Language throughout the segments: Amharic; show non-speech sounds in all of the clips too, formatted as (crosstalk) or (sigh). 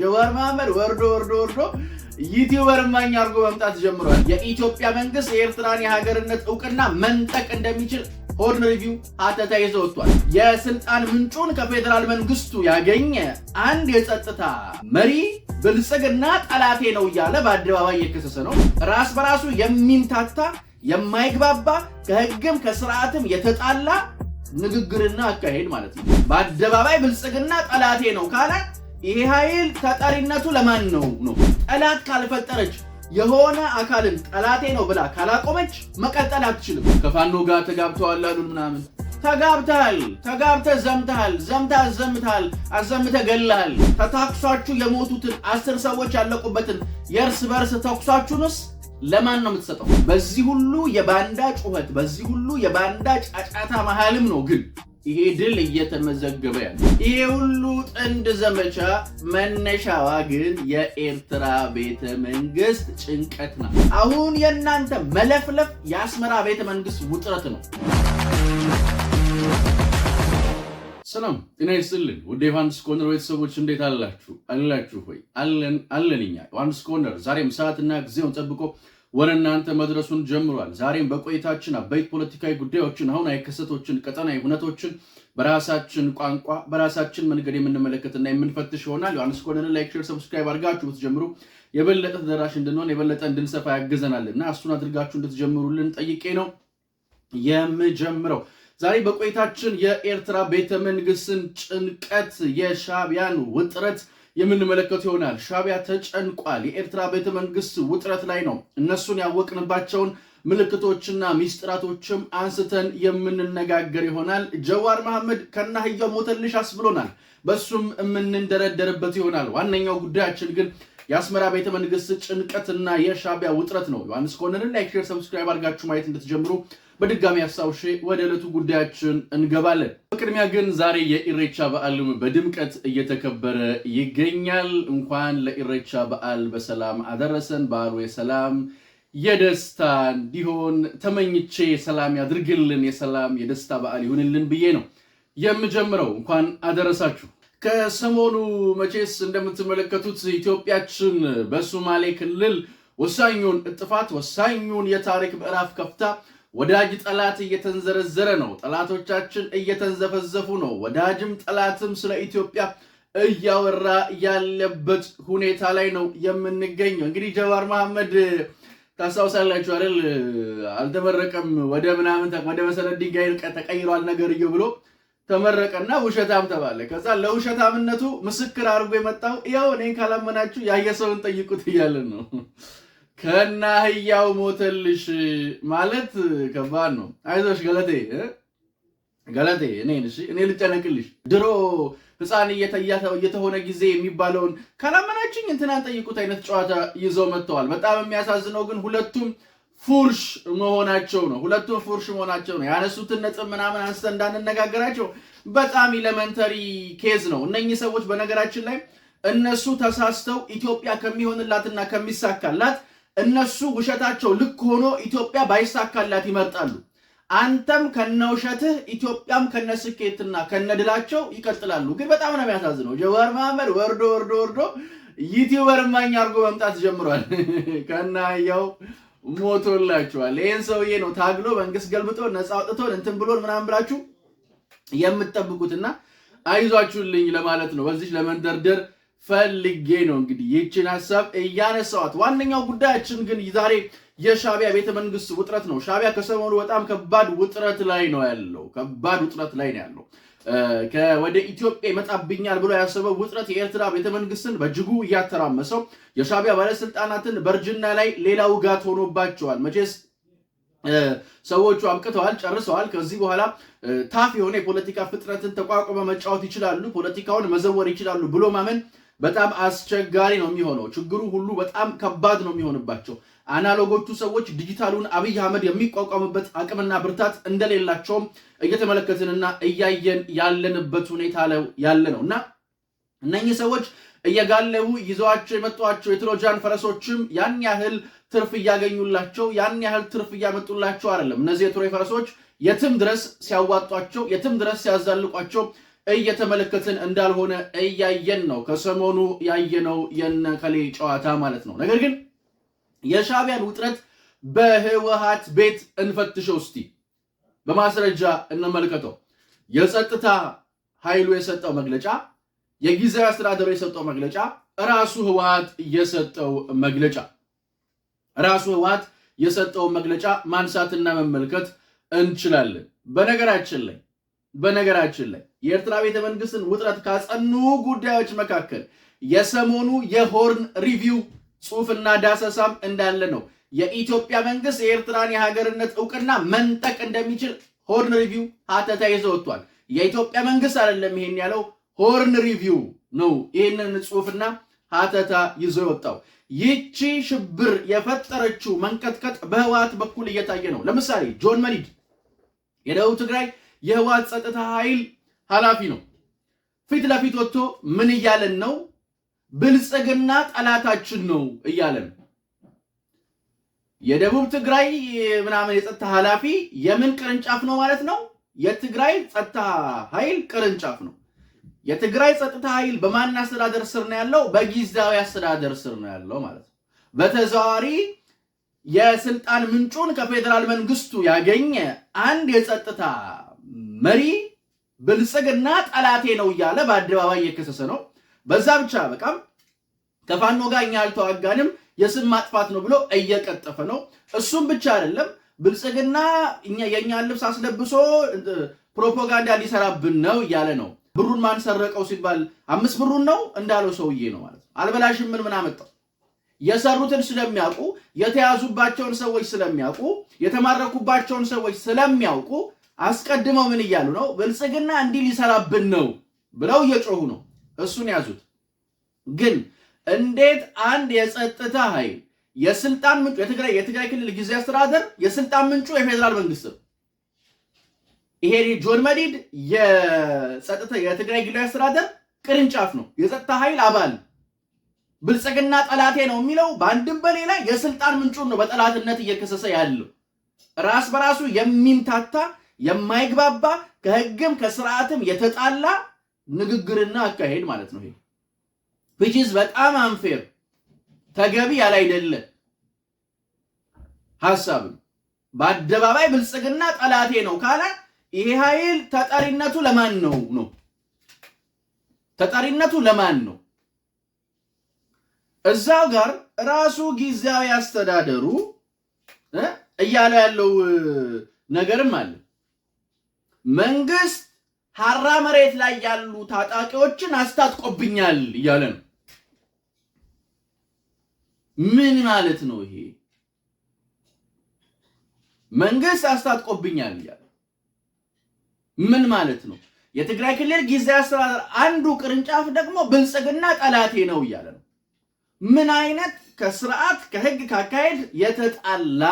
ጀዋር መሐመድ ወርዶ ወርዶ ወርዶ ዩቲዩበር ማኝ አድርጎ መምጣት ጀምሯል። የኢትዮጵያ መንግስት የኤርትራን የሀገርነት እውቅና መንጠቅ እንደሚችል ሆርን ሪቪው አተታ ይዞ ወጥቷል። የስልጣን ምንጩን ከፌዴራል መንግስቱ ያገኘ አንድ የጸጥታ መሪ ብልጽግና ጠላቴ ነው እያለ በአደባባይ እየከሰሰ ነው። ራስ በራሱ የሚምታታ የማይግባባ ከህግም ከስርዓትም የተጣላ ንግግርና አካሄድ ማለት ነው። በአደባባይ ብልጽግና ጠላቴ ነው ካለ ይሄ ኃይል ተጠሪነቱ ለማን ነው ነው? ጠላት ካልፈጠረች የሆነ አካልን ጠላቴ ነው ብላ ካላቆመች መቀጠል አትችልም። ከፋኖ ጋር ተጋብተዋል አሉን ምናምን ተጋብተሃል፣ ተጋብተ ዘምተሃል፣ ዘምተ አዘምተሃል፣ አዘምተ ገለሃል። ተታኩሳችሁ የሞቱትን አስር ሰዎች ያለቁበትን የእርስ በርስ ተኩሳችሁንስ ለማን ነው የምትሰጠው? በዚህ ሁሉ የባንዳ ጩኸት፣ በዚህ ሁሉ የባንዳ ጫጫታ መሃልም ነው ግን ይሄ ድል እየተመዘገበ ያለ ይሄ ሁሉ ጥንድ ዘመቻ መነሻዋ ግን የኤርትራ ቤተ መንግስት ጭንቀት ናት። አሁን የእናንተ መለፍለፍ የአስመራ ቤተ መንግስት ውጥረት ነው። ሰላም ጤና ይስጥልን። ወደ ዮሐንስ ኮርነር ቤተሰቦች እንዴት አላችሁ? አላችሁ ሆይ አለን አለንኛ ዮሐንስ ኮርነር ዛሬም ሰዓትና ጊዜውን ጠብቆ ወደ እናንተ መድረሱን ጀምሯል። ዛሬም በቆይታችን አበይት ፖለቲካዊ ጉዳዮችን፣ አሁናዊ ክስተቶችን፣ ቀጠናዊ ሁነቶችን በራሳችን ቋንቋ በራሳችን መንገድ የምንመለከትና የምንፈትሽ ይሆናል። ዮሐንስ ኮርነርን ላይክ፣ ሼር፣ ሰብስክራይብ አድርጋችሁ ብትጀምሩ የበለጠ ተደራሽ እንድንሆን የበለጠ እንድንሰፋ ያግዘናል እና እሱን አድርጋችሁ እንድትጀምሩልን ጠይቄ ነው የምጀምረው። ዛሬ በቆይታችን የኤርትራ ቤተ መንግስትን ጭንቀት፣ የሻቢያን ውጥረት የምንመለከት ይሆናል። ሻቢያ ተጨንቋል። የኤርትራ ቤተ መንግስት ውጥረት ላይ ነው። እነሱን ያወቅንባቸውን ምልክቶችና ሚስጥራቶችም አንስተን የምንነጋገር ይሆናል። ጀዋር መሐመድ ከናህያው ሞተልሽ አስብሎናል። በሱም የምንደረደርበት ይሆናል። ዋነኛው ጉዳያችን ግን የአስመራ ቤተ መንግስት ጭንቀትና የሻቢያ ውጥረት ነው። ዮሐንስ ኮርነርን ላይክ፣ ሼር፣ ሰብስክራይብ አድርጋችሁ ማየት እንድትጀምሩ በድጋሚ አስታውሼ ወደ ዕለቱ ጉዳያችን እንገባለን። በቅድሚያ ግን ዛሬ የኢሬቻ በዓልም በድምቀት እየተከበረ ይገኛል። እንኳን ለኢሬቻ በዓል በሰላም አደረሰን። በዓሉ የሰላም የደስታ እንዲሆን ተመኝቼ ሰላም ያድርግልን። የሰላም የደስታ በዓል ይሁንልን ብዬ ነው የምጀምረው። እንኳን አደረሳችሁ። ከሰሞኑ መቼስ እንደምትመለከቱት ኢትዮጵያችን በሶማሌ ክልል ወሳኙን እጥፋት ወሳኙን የታሪክ ምዕራፍ ከፍታ ወዳጅ ጠላት እየተንዘረዘረ ነው። ጠላቶቻችን እየተንዘፈዘፉ ነው። ወዳጅም ጠላትም ስለ ኢትዮጵያ እያወራ ያለበት ሁኔታ ላይ ነው የምንገኘው። እንግዲህ ጀዋር መሐመድ ታስታውሳላችሁ አይደል? አልተመረቀም ወደ ምናምን ወደ መሰረት ድንጋይ ተቀይሯል ነገርየው ብሎ ተመረቀና ውሸታም ተባለ። ከዛ ለውሸታምነቱ ምስክር አድርጎ የመጣው ያው እኔን ካላመናችሁ ያየ ሰውን ጠይቁት እያለን ነው ከና ህያው ሞተልሽ ማለት ከባድ ነው። አይዞሽ ገለቴ ገለቴ፣ እኔን እኔ ልጨነቅልሽ። ድሮ ህፃን እየተሆነ ጊዜ የሚባለውን ካላመናችኝ እንትናን ጠይቁት አይነት ጨዋታ ይዘው መጥተዋል። በጣም የሚያሳዝነው ግን ሁለቱም ፉርሽ መሆናቸው ነው። ሁለቱም ፉርሽ መሆናቸው ነው። ያነሱትን ነጥብ ምናምን አንስተ እንዳንነጋገራቸው በጣም ኢለመንተሪ ኬዝ ነው። እነኚህ ሰዎች በነገራችን ላይ እነሱ ተሳስተው ኢትዮጵያ ከሚሆንላትና ከሚሳካላት እነሱ ውሸታቸው ልክ ሆኖ ኢትዮጵያ ባይሳካላት ይመርጣሉ። አንተም ከነ ውሸትህ ኢትዮጵያም ከነ ስኬትና ከነ ድላቸው ይቀጥላሉ። ግን በጣም ነው የሚያሳዝነው። ጀዋር መሐመድ ወርዶ ወርዶ ወርዶ ዩቲዩበር ማኝ አድርጎ መምጣት ጀምሯል። (laughs) ከነ ያው ሞቶላችኋል። ይህን ሰውዬ ነው ታግሎ መንግስት ገልብጦ ነፃ አውጥቶን እንትን ብሎን ምናምን ብላችሁ የምትጠብቁትና አይዟችሁልኝ ለማለት ነው በዚህ ለመንደርደር ፈልጌ ነው እንግዲህ ይህችን ሀሳብ እያነሳዋት። ዋነኛው ጉዳያችን ግን ዛሬ የሻቢያ ቤተ መንግስት ውጥረት ነው። ሻቢያ ከሰሞኑ በጣም ከባድ ውጥረት ላይ ነው ያለው። ከባድ ውጥረት ላይ ነው ያለው። ወደ ኢትዮጵያ ይመጣብኛል ብሎ ያሰበው ውጥረት የኤርትራ ቤተመንግስትን በእጅጉ እያተራመሰው፣ የሻቢያ ባለስልጣናትን በእርጅና ላይ ሌላ ውጋት ሆኖባቸዋል። መቼስ ሰዎቹ አብቅተዋል፣ ጨርሰዋል። ከዚህ በኋላ ታፍ የሆነ የፖለቲካ ፍጥረትን ተቋቁመ መጫወት ይችላሉ፣ ፖለቲካውን መዘወር ይችላሉ ብሎ ማመን በጣም አስቸጋሪ ነው የሚሆነው። ችግሩ ሁሉ በጣም ከባድ ነው የሚሆንባቸው። አናሎጎቹ ሰዎች ዲጂታሉን አብይ አህመድ የሚቋቋምበት አቅምና ብርታት እንደሌላቸውም እየተመለከትንና እያየን ያለንበት ሁኔታ ያለ ነው እና እነኚህ ሰዎች እየጋለቡ ይዘዋቸው የመጧቸው የትሮጃን ፈረሶችም ያን ያህል ትርፍ እያገኙላቸው ያን ያህል ትርፍ እያመጡላቸው አይደለም። እነዚህ የትሮይ ፈረሶች የትም ድረስ ሲያዋጧቸው፣ የትም ድረስ ሲያዛልቋቸው እየተመለከትን እንዳልሆነ እያየን ነው። ከሰሞኑ ያየነው የነከሌ ጨዋታ ማለት ነው። ነገር ግን የሻቢያን ውጥረት በህወሓት ቤት እንፈትሸው እስቲ፣ በማስረጃ እንመልከተው። የጸጥታ ኃይሉ የሰጠው መግለጫ፣ የጊዜያዊ አስተዳደሩ የሰጠው መግለጫ፣ ራሱ ህወሓት የሰጠው መግለጫ ራሱ ህወሓት የሰጠውን መግለጫ ማንሳትና መመልከት እንችላለን። በነገራችን ላይ በነገራችን ላይ የኤርትራ ቤተ መንግስትን ውጥረት ካጸኑ ጉዳዮች መካከል የሰሞኑ የሆርን ሪቪው ጽሑፍና ዳሰሳም እንዳለ ነው። የኢትዮጵያ መንግስት የኤርትራን የሀገርነት እውቅና መንጠቅ እንደሚችል ሆርን ሪቪው ሀተታ ይዞ ወጥቷል። የኢትዮጵያ መንግስት አይደለም ይሄን ያለው ሆርን ሪቪው ነው ይህንን ጽሑፍና ሀተታ ይዞ የወጣው። ይቺ ሽብር የፈጠረችው መንቀጥቀጥ በህወሓት በኩል እየታየ ነው። ለምሳሌ ጆን መሪድ የደቡብ ትግራይ የህወሓት ጸጥታ ኃይል ኃላፊ ነው። ፊት ለፊት ወጥቶ ምን እያለን ነው? ብልጽግና ጠላታችን ነው እያለን የደቡብ ትግራይ ምናምን የጸጥታ ኃላፊ የምን ቅርንጫፍ ነው ማለት ነው? የትግራይ ጸጥታ ኃይል ቅርንጫፍ ነው። የትግራይ ጸጥታ ኃይል በማን አስተዳደር ስር ነው ያለው? በጊዜያዊ አስተዳደር ስር ነው ያለው ማለት ነው። በተዘዋዋሪ የስልጣን ምንጩን ከፌዴራል መንግስቱ ያገኘ አንድ የጸጥታ መሪ ብልጽግና ጠላቴ ነው እያለ በአደባባይ እየከሰሰ ነው። በዛ ብቻ በቃም ከፋኖ ጋር እኛ አልተዋጋንም የስም ማጥፋት ነው ብሎ እየቀጠፈ ነው። እሱም ብቻ አይደለም ብልጽግና የእኛን ልብስ አስለብሶ ፕሮፓጋንዳ ሊሰራብን ነው እያለ ነው። ብሩን ማን ሰረቀው ሲባል አምስት ብሩን ነው እንዳለው ሰውዬ ነው ማለት ነው። አልበላሽም ምን ምን አመጣው የሰሩትን ስለሚያውቁ የተያዙባቸውን ሰዎች ስለሚያውቁ የተማረኩባቸውን ሰዎች ስለሚያውቁ አስቀድመው ምን እያሉ ነው? ብልጽግና እንዲህ ሊሰራብን ነው ብለው እየጮሁ ነው። እሱን ያዙት። ግን እንዴት አንድ የጸጥታ ኃይል የስልጣን ምንጩ የትግራይ የትግራይ ክልል ጊዜ አስተዳደር የስልጣን ምንጩ የፌዴራል መንግስት ነው። ይሄ ጆን መዲድ የጸጥታ የትግራይ ጊዜ አስተዳደር ቅርንጫፍ ነው፣ የጸጥታ ኃይል አባል። ብልጽግና ጠላቴ ነው የሚለው በአንድም በሌላ የስልጣን ምንጩን ነው በጠላትነት እየከሰሰ ያለው ራስ በራሱ የሚምታታ የማይግባባ ከህግም ከስርዓትም የተጣላ ንግግርና አካሄድ ማለት ነው። ይሄ ዊችዝ በጣም አንፌር ተገቢ ያላይደለ ሐሳብ በአደባባይ ብልጽግና ጠላቴ ነው ካለ ይሄ ኃይል ተጠሪነቱ ለማን ነው ነው? ተጠሪነቱ ለማን ነው? እዛው ጋር ራሱ ጊዜያዊ አስተዳደሩ እያለ ያለው ነገርም አለ። መንግስት ሀራ መሬት ላይ ያሉ ታጣቂዎችን አስታጥቆብኛል እያለ ነው። ምን ማለት ነው ይሄ? መንግስት አስታጥቆብኛል እያለ ምን ማለት ነው? የትግራይ ክልል ጊዜያዊ አስተዳደር አንዱ ቅርንጫፍ ደግሞ ብልጽግና ጠላቴ ነው እያለ ነው። ምን አይነት ከስርዓት ከህግ፣ ካካሄድ የተጣላ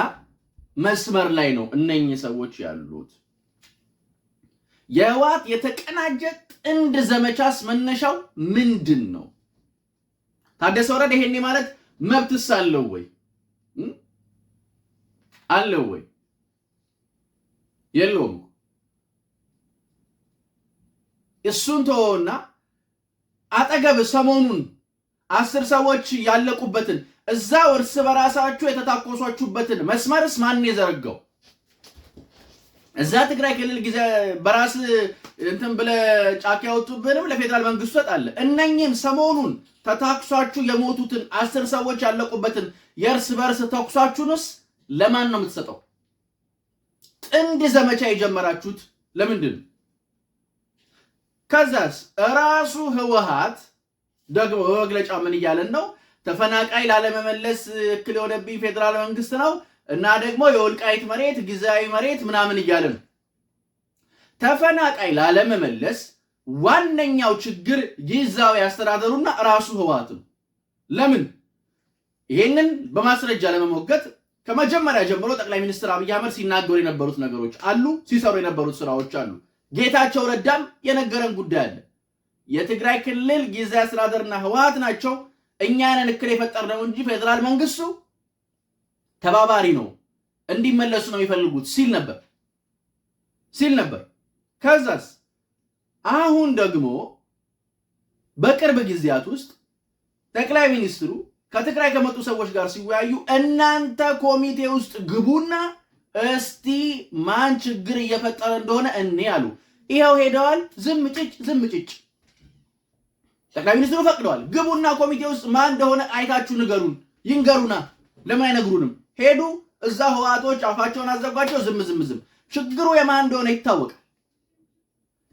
መስመር ላይ ነው እነኚህ ሰዎች ያሉት? የህወሓት የተቀናጀ ጥንድ ዘመቻስ መነሻው ምንድን ነው? ታደሰ ወረደ ይሄኔ ማለት መብትስ አለው ወይ አለው ወይ የለውም። እሱን ተወውና አጠገብ ሰሞኑን አስር ሰዎች ያለቁበትን እዛው እርስ በራሳችሁ የተታኮሷችሁበትን መስመርስ ማን የዘረጋው? እዛ ትግራይ ክልል ጊዜ በራስ እንትን ብለ ጫካ ያወጡብንም ለፌዴራል መንግስቱ ሰጣለ። እነኚህን ሰሞኑን ተታኩሳችሁ የሞቱትን አስር ሰዎች ያለቁበትን የእርስ በርስ ተኩሳችሁንስ ለማን ነው የምትሰጠው? ጥንድ ዘመቻ የጀመራችሁት ለምንድን ነው? ከዛስ ራሱ ህወሓት ደግሞ በመግለጫ ምን እያለን ነው? ተፈናቃይ ላለመመለስ እክል የሆነብኝ ፌዴራል መንግስት ነው እና ደግሞ የወልቃይት መሬት ጊዜያዊ መሬት ምናምን እያለ ነው። ተፈናቃይ ላለመመለስ ዋነኛው ችግር ጊዜያዊ አስተዳደሩና ራሱ ህወሓት ነው። ለምን? ይሄንን በማስረጃ ለመሞገት ከመጀመሪያ ጀምሮ ጠቅላይ ሚኒስትር አብይ አህመድ ሲናገሩ የነበሩት ነገሮች አሉ፣ ሲሰሩ የነበሩት ስራዎች አሉ። ጌታቸው ረዳም የነገረን ጉዳይ አለ። የትግራይ ክልል ጊዜያዊ አስተዳደርና ህወሓት ናቸው እኛ ነን እክል የፈጠርነው እንጂ ፌዴራል መንግስቱ ተባባሪ ነው እንዲመለሱ ነው የሚፈልጉት ሲል ነበር ሲል ነበር። ከዛስ አሁን ደግሞ በቅርብ ጊዜያት ውስጥ ጠቅላይ ሚኒስትሩ ከትግራይ ከመጡ ሰዎች ጋር ሲወያዩ እናንተ ኮሚቴ ውስጥ ግቡና እስቲ ማን ችግር እየፈጠረ እንደሆነ እኔ አሉ። ይኸው ሄደዋል። ዝም ጭጭ ዝም ጭጭ። ጠቅላይ ሚኒስትሩ ፈቅደዋል። ግቡና ኮሚቴ ውስጥ ማን እንደሆነ አይታችሁ ንገሩን፣ ይንገሩና ለምን አይነግሩንም? ሄዱ። እዛ ህዋቶች አፋቸውን አዘጓቸው። ዝም ዝም ዝም። ችግሩ የማን እንደሆነ ይታወቃል።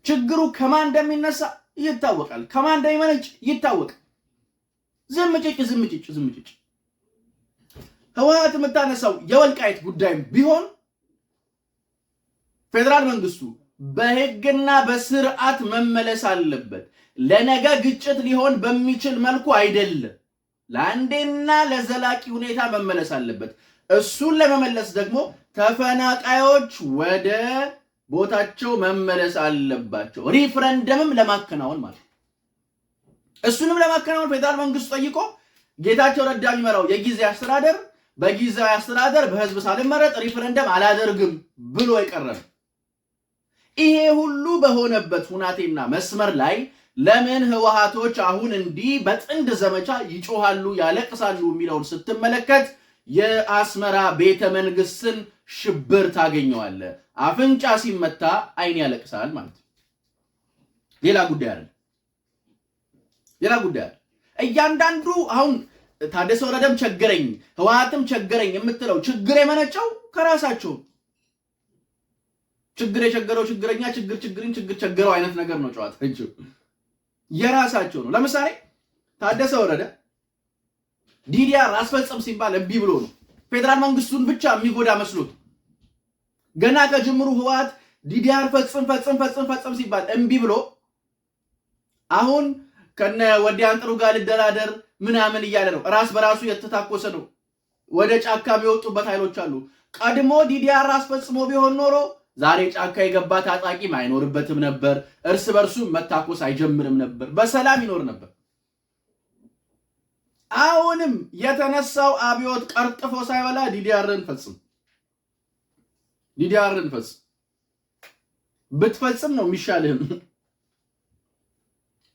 ችግሩ ከማን እንደሚነሳ ይታወቃል። ከማን እንደሚመነጭ ይታወቃል። ዝም ጭጭ ዝም ጭጭ ዝም ጭጭ። ህወሓት የምታነሳው የወልቃይት ጉዳይም ቢሆን ፌዴራል መንግስቱ በህግና በስርዓት መመለስ አለበት። ለነገ ግጭት ሊሆን በሚችል መልኩ አይደለም። ለአንዴና ለዘላቂ ሁኔታ መመለስ አለበት። እሱን ለመመለስ ደግሞ ተፈናቃዮች ወደ ቦታቸው መመለስ አለባቸው። ሪፍረንደምም ለማከናወን ማለት ነው። እሱንም ለማከናወን ፌዴራል መንግስቱ ጠይቆ ጌታቸው ረዳ የሚመራው የጊዜ አስተዳደር በጊዜያዊ አስተዳደር በህዝብ ሳልመረጥ ሪፍረንደም አላደርግም ብሎ የቀረበ ይሄ ሁሉ በሆነበት ሁናቴና መስመር ላይ ለምን ህወሃቶች አሁን እንዲህ በጥንድ ዘመቻ ይጮሃሉ፣ ያለቅሳሉ የሚለውን ስትመለከት የአስመራ ቤተ መንግስትን ሽብር ታገኘዋለ። አፍንጫ ሲመታ አይን ያለቅሳል ማለት ነው። ሌላ ጉዳይ አለ። ሌላ ጉዳይ አለ። እያንዳንዱ አሁን ታደሰ ወረደም ቸገረኝ፣ ህወሓትም ቸገረኝ የምትለው ችግር የመነጨው ከራሳቸው ችግር የቸገረው ችግረኛ ችግር ችግርን ችግር ቸገረው አይነት ነገር ነው። ጨዋታቸው የራሳቸው ነው። ለምሳሌ ታደሰ ወረደ ዲዲአር ፈጽም ሲባል እምቢ ብሎ ነው። ፌዴራል መንግስቱን ብቻ የሚጎዳ መስሎት ገና ከጅምሩ ህወሓት ዲዲአር ፈጽም ፈጽም ፈጽም ፈጽም ሲባል እምቢ ብሎ አሁን ከነ ወዲያን ጥሩ ጋር ልደራደር ምናምን እያለ ነው። ራስ በራሱ የተታኮሰ ነው። ወደ ጫካ የሚወጡበት ኃይሎች አሉ። ቀድሞ ዲዲአር ፈጽሞ ቢሆን ኖሮ ዛሬ ጫካ የገባ ታጣቂም አይኖርበትም ነበር። እርስ በርሱ መታኮስ አይጀምርም ነበር። በሰላም ይኖር ነበር። አሁንም የተነሳው አብዮት ቀርጥፎ ሳይበላ ዲዲአርን ፈጽም ዲዲአርን ፈጽም ብትፈጽም ነው የሚሻልህም።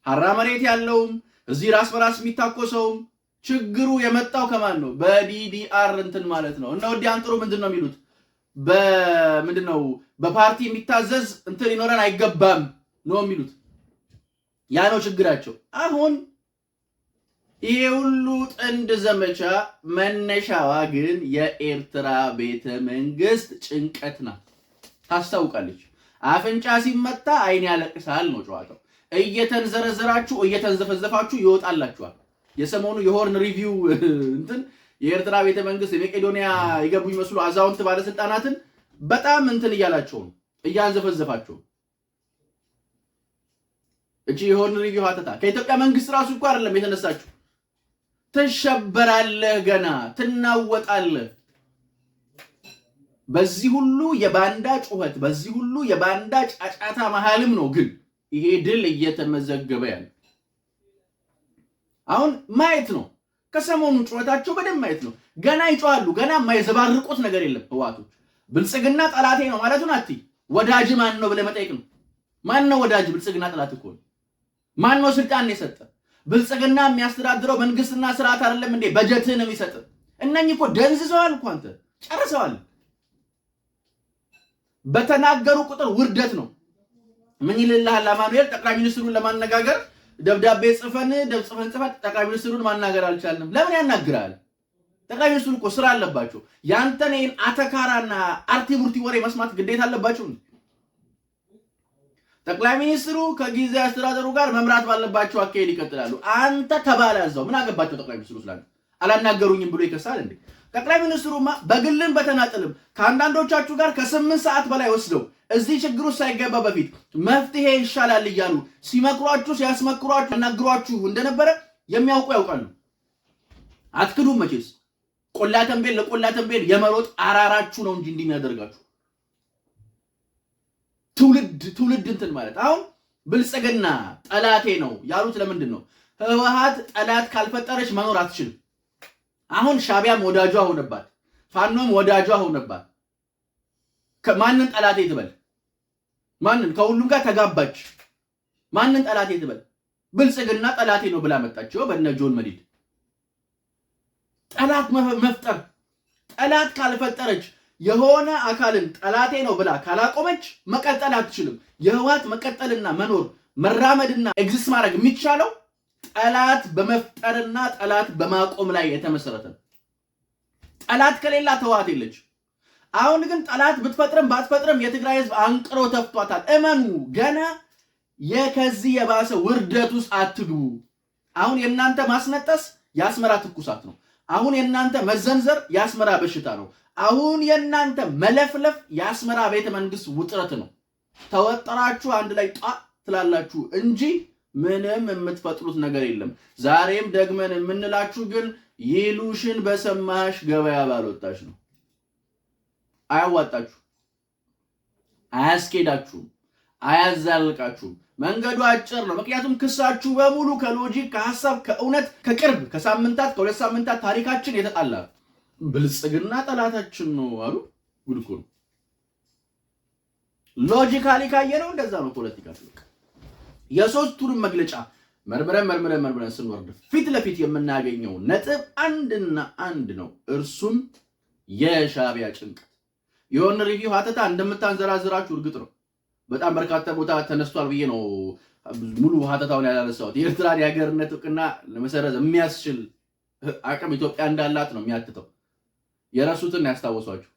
ሀራ መሬት ያለውም እዚህ ራስ በራስ የሚታኮሰውም ችግሩ የመጣው ከማን ነው? በዲዲአር እንትን ማለት ነው። እና ወዲያን ጥሩ ምንድን ነው የሚሉት በምንድን ነው በፓርቲ የሚታዘዝ እንትን ይኖረን አይገባም ነው የሚሉት። ያ ነው ችግራቸው አሁን ይህ ሁሉ ጥንድ ዘመቻ መነሻዋ ግን የኤርትራ ቤተ መንግስት ጭንቀት ናት። ታስታውቃለች። አፍንጫ ሲመታ አይን ያለቅሳል ነው ጨዋታው። እየተንዘረዘራችሁ እየተንዘፈዘፋችሁ ይወጣላችኋል። የሰሞኑ የሆርን ሪቪው እንትን የኤርትራ ቤተ መንግስት የመቄዶንያ የገቡ ይመስሉ አዛውንት ባለስልጣናትን በጣም እንትን እያላቸው ነው እያንዘፈዘፋቸው እቺ የሆርን ሪቪው ሀተታ ከኢትዮጵያ መንግስት ራሱ እኮ አይደለም የተነሳችሁ ትሸበራለህ፣ ገና ትናወጣለህ። በዚህ ሁሉ የባንዳ ጩኸት፣ በዚህ ሁሉ የባንዳ ጫጫታ መሃልም ነው ግን ይሄ ድል እየተመዘገበ ያለ አሁን ማየት ነው። ከሰሞኑ ጩኸታቸው በደንብ ማየት ነው። ገና ይጮሃሉ። ገና የማይዘባርቁት ነገር የለም። ህዋቶች ብልጽግና ጠላቴ ነው ማለቱን አትይ። ወዳጅ ማን ነው ብለህ መጠየቅ ነው። ማን ነው ወዳጅ? ብልጽግና ጠላት እኮ ነው። ማን ነው ስልጣን የሰጠ ብልጽግና የሚያስተዳድረው መንግስትና ስርዓት አይደለም እንዴ? በጀትህ ነው የሚሰጥ። እነኚህ እኮ ደንዝዘዋል እኮ አንተ ጨርሰዋል። በተናገሩ ቁጥር ውርደት ነው። ምን ይልልሃል አማኑኤል? ጠቅላይ ሚኒስትሩን ለማነጋገር ደብዳቤ ጽፈን ደብ ጽፈን ጽፈን ጠቅላይ ሚኒስትሩን ማናገር አልቻልንም። ለምን ያናግራል? ጠቅላይ ሚኒስትሩ እኮ ስራ አለባቸው። ያንተን ይህን አተካራና አርቲ ቡርቲ ወሬ መስማት ግዴታ አለባቸው። ጠቅላይ ሚኒስትሩ ከጊዜ አስተዳደሩ ጋር መምራት ባለባቸው አካሄድ ይቀጥላሉ። አንተ ተባለ እዛው ምን አገባቸው ጠቅላይ ሚኒስትሩ ስላለ አላናገሩኝም ብሎ ይከሳል እንዴ? ጠቅላይ ሚኒስትሩማ በግልም በተናጠልም ከአንዳንዶቻችሁ ጋር ከስምንት ሰዓት በላይ ወስደው እዚህ ችግሩ ሳይገባ በፊት መፍትሄ ይሻላል እያሉ ሲመክሯችሁ፣ ሲያስመክሯችሁ፣ ያናግሯችሁ እንደነበረ የሚያውቁ ያውቃሉ። አትክዱም መቼስ ቆላ ተንቤን ለቆላ የመሮጥ አራራችሁ ነው እንጂ እንዲህ የሚያደርጋችሁ ትውልድ ትውልድ እንትን ማለት አሁን ብልጽግና ጠላቴ ነው ያሉት ለምንድን ነው? ህወሓት ጠላት ካልፈጠረች መኖር አትችልም። አሁን ሻቢያም ወዳጇ ሆነባት፣ ፋኖም ወዳጇ ሆነባት። ማንን ጠላቴ ትበል? ማንን ከሁሉም ጋር ተጋባች። ማንን ጠላቴ ትበል? ብልጽግና ጠላቴ ነው ብላ መጣችው በነ ጆን መዲድ ጠላት መፍጠር ጠላት ካልፈጠረች የሆነ አካልን ጠላቴ ነው ብላ ካላቆመች መቀጠል አትችልም። የህወሓት መቀጠልና መኖር መራመድና ኤግዚስት ማድረግ የሚቻለው ጠላት በመፍጠርና ጠላት በማቆም ላይ የተመሰረተ ነው። ጠላት ከሌላ ተዋት የለች። አሁን ግን ጠላት ብትፈጥርም ባትፈጥርም የትግራይ ህዝብ አንቅሮ ተፍቷታል። እመኑ፣ ገና የከዚህ የባሰ ውርደት ውስጥ አትግቡ። አሁን የእናንተ ማስነጠስ የአስመራ ትኩሳት ነው። አሁን የእናንተ መዘንዘር የአስመራ በሽታ ነው። አሁን የእናንተ መለፍለፍ የአስመራ ቤተ መንግስት ውጥረት ነው። ተወጠራችሁ አንድ ላይ ጧ ትላላችሁ እንጂ ምንም የምትፈጥሩት ነገር የለም። ዛሬም ደግመን የምንላችሁ ግን ይሉሽን በሰማሽ ገበያ ባልወጣሽ ነው። አያዋጣችሁ፣ አያስኬዳችሁም፣ አያዛልቃችሁም። መንገዱ አጭር ነው። ምክንያቱም ክሳችሁ በሙሉ ከሎጂክ ከሀሳብ፣ ከእውነት፣ ከቅርብ ከሳምንታት ከሁለት ሳምንታት ታሪካችን የተጣላ ብልጽግና ጠላታችን ነው አሉ። ጉድ እኮ ነው። ሎጂካሊ ካየነው እንደዛ ነው። ፖለቲካ የሶስቱንም መግለጫ መርምረን መርምረን መርምረን ስንወርድ ፊት ለፊት የምናገኘው ነጥብ አንድና አንድ ነው። እርሱም የሻቢያ ጭንቀት የሆነ ሪቪው ሀተታ እንደምታንዘራዝራችሁ እርግጥ ነው። በጣም በርካታ ቦታ ተነስቷል ብዬ ነው ሙሉ ሀተታውን ያላነሳሁት። የኤርትራን የሀገርነት እውቅና ለመሰረዝ የሚያስችል አቅም ኢትዮጵያ እንዳላት ነው የሚያትተው። የረሱትን ያስታወሷችሁ።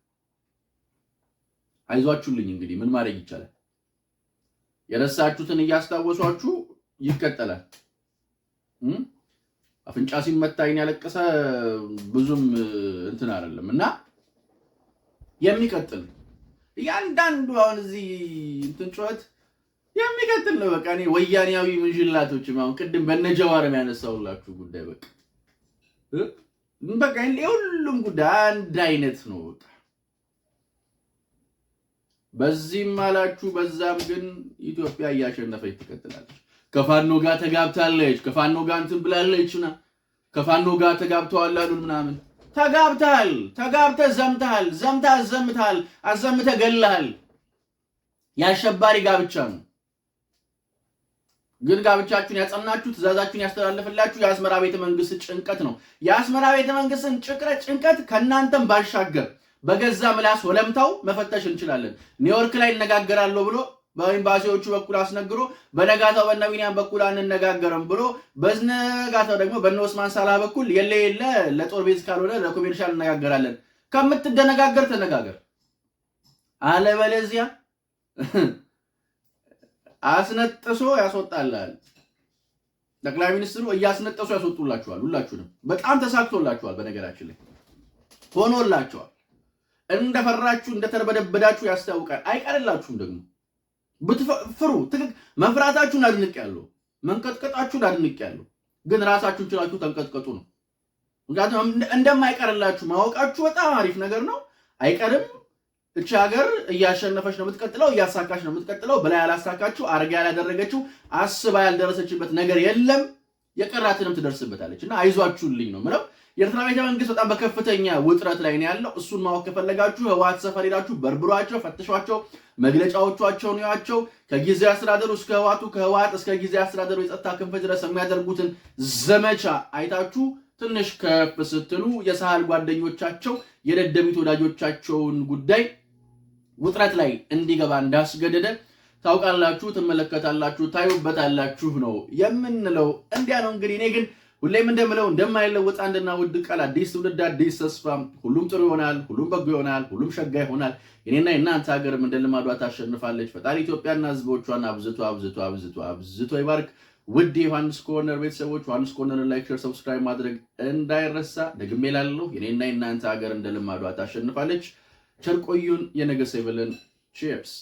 አይዟችሁልኝ እንግዲህ ምን ማድረግ ይቻላል? የረሳችሁትን እያስታወሷችሁ ይቀጠላል። አፍንጫ ሲመታ ዓይን ያለቀሰ ብዙም እንትን አይደለም እና የሚቀጥል እያንዳንዱ አሁን እዚህ እንትን ጩኸት የሚቀጥል ነው። በቃ እኔ ወያኔያዊ ምንዥላቶችም አሁን ቅድም በነጀዋርም ያነሳውላችሁ ጉዳይ በቃ በቃ የሁሉም ጉዳይ አንድ አይነት ነው። በቃ በዚህም አላችሁ በዛም ግን ኢትዮጵያ እያሸነፈች ትቀጥላለች። ከፋኖ ጋር ተጋብታለች፣ ከፋኖ ጋር እንትን ብላለችና ከፋኖ ጋር ተጋብተዋል አሉን ምናምን። ተጋብተሃል፣ ተጋብተህ ዘምተሃል፣ ዘምተህ አዘምተሃል፣ አዘምተህ ገለሃል። የአሸባሪ ጋብቻ ነው። ግን ጋብቻችሁን ያጸናችሁ ትእዛዛችሁን ያስተላልፍላችሁ የአስመራ ቤተ መንግስት ጭንቀት ነው። የአስመራ ቤተ መንግስትን ጭንቀት ከእናንተም ባሻገር በገዛ ምላስ ወለምታው መፈተሽ እንችላለን። ኒውዮርክ ላይ እነጋገራለሁ ብሎ በኤምባሲዎቹ በኩል አስነግሮ በነጋታው በነ ቢኒያም በኩል አንነጋገርም ብሎ በነጋታው ደግሞ በነ ኦስማን ሳላ በኩል የለ የለ ለጦር ቤዝ ካልሆነ ለኮሜርሻል እነጋገራለን። ከምትደነጋገር ተነጋገር፣ አለበለዚያ አስነጥሶ ያስወጣላል። ጠቅላይ ሚኒስትሩ እያስነጠሱ ያስወጡላችኋል። ሁላችሁንም በጣም ተሳክቶላችኋል። በነገራችን ላይ ሆኖላችኋል። እንደፈራችሁ እንደተርበደበዳችሁ ያስታውቃል። አይቀርላችሁም ደግሞ ብትፈሩ መፍራታችሁን አድንቅ ያለ መንቀጥቀጣችሁን አድንቅ ያለሁ ግን ራሳችሁን ችላችሁ ተንቀጥቀጡ ነው። ምክንያቱም እንደማይቀርላችሁ ማወቃችሁ በጣም አሪፍ ነገር ነው። አይቀርም እቺ ሀገር እያሸነፈች ነው የምትቀጥለው፣ እያሳካች ነው የምትቀጥለው። በላይ ያላሳካችው አርጋ ያላደረገችው አስባ ያልደረሰችበት ነገር የለም። የቀራትንም ትደርስበታለች እና አይዟችሁልኝ ነው ምለው። የኤርትራ ቤተ መንግስት በጣም በከፍተኛ ውጥረት ላይ ነው ያለው። እሱን ማወቅ ከፈለጋችሁ ህወሓት ሰፈር ሄዳችሁ በርብሯቸው፣ ፈትሿቸው፣ መግለጫዎቻቸውን ያቸው። ከጊዜ አስተዳደሩ እስከ ህወሓቱ ከህወሓት እስከ ጊዜ አስተዳደሩ የጸጥታ ክንፍ ድረስ የሚያደርጉትን ዘመቻ አይታችሁ ትንሽ ከፍ ስትሉ የሳህል ጓደኞቻቸው የደደሚት ወዳጆቻቸውን ጉዳይ ውጥረት ላይ እንዲገባ እንዳስገደደ ታውቃላችሁ፣ ትመለከታላችሁ፣ ታዩበታላችሁ ነው የምንለው። እንዲያ ነው እንግዲህ። እኔ ግን ሁሌም እንደምለው እንደማይለወጥ አንድና ውድ ቃል፣ አዲስ ትውልድ፣ አዲስ ተስፋ። ሁሉም ጥሩ ይሆናል፣ ሁሉም በጎ ይሆናል፣ ሁሉም ሸጋ ይሆናል። እኔና የእናንተ ሀገርም እንደ ልማዷ ታሸንፋለች። ፈጣሪ ኢትዮጵያና ህዝቦቿን አብዝቶ አብዝቶ አብዝቶ አብዝቶ ይባርክ። ውድ ዮሐንስ ኮርነር ቤተሰቦች ዮሐንስ ኮርነርን ላይክ፣ ሼር፣ ሰብስክራይብ ማድረግ እንዳይረሳ። ደግሜ ላለሁ የኔና የእናንተ ሀገር እንደ ልማዷ ታሸንፋለች። ቸርቆዩን የነገሰ ይበለን። ቺርስ